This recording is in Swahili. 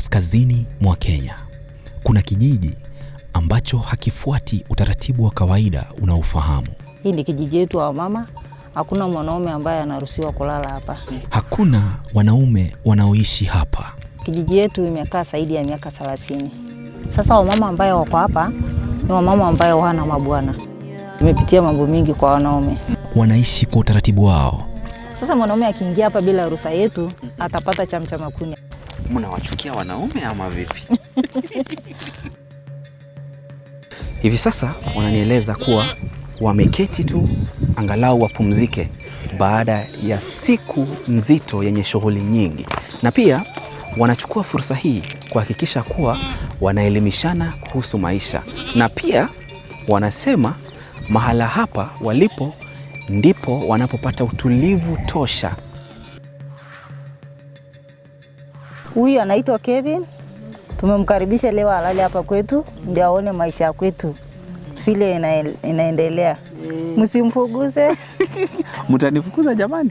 kaskazini mwa Kenya kuna kijiji ambacho hakifuati utaratibu wa kawaida unaofahamu. Hii ni kijiji yetu wa mama, hakuna mwanaume ambaye anaruhusiwa kulala hapa, hakuna wanaume wanaoishi hapa. Kijiji yetu imekaa zaidi ya miaka 30 sasa. Wamama ambaye wako hapa ni wamama ambaye wana mabwana, imepitia mambo mingi kwa wanaume, wanaishi kwa utaratibu wao. Sasa mwanaume akiingia hapa bila ruhusa yetu atapata chamcha makuni mnawachukia wanaume ama vipi? Hivi sasa wananieleza kuwa wameketi tu angalau wapumzike baada ya siku nzito yenye shughuli nyingi, na pia wanachukua fursa hii kuhakikisha kuwa wanaelimishana kuhusu maisha, na pia wanasema mahala hapa walipo ndipo wanapopata utulivu tosha Huyu anaitwa Kevin, tumemkaribisha leo alale hapa kwetu ndio aone maisha ya kwetu vile ina, inaendelea. Mm. Msimfuguze mtanifukuza jamani.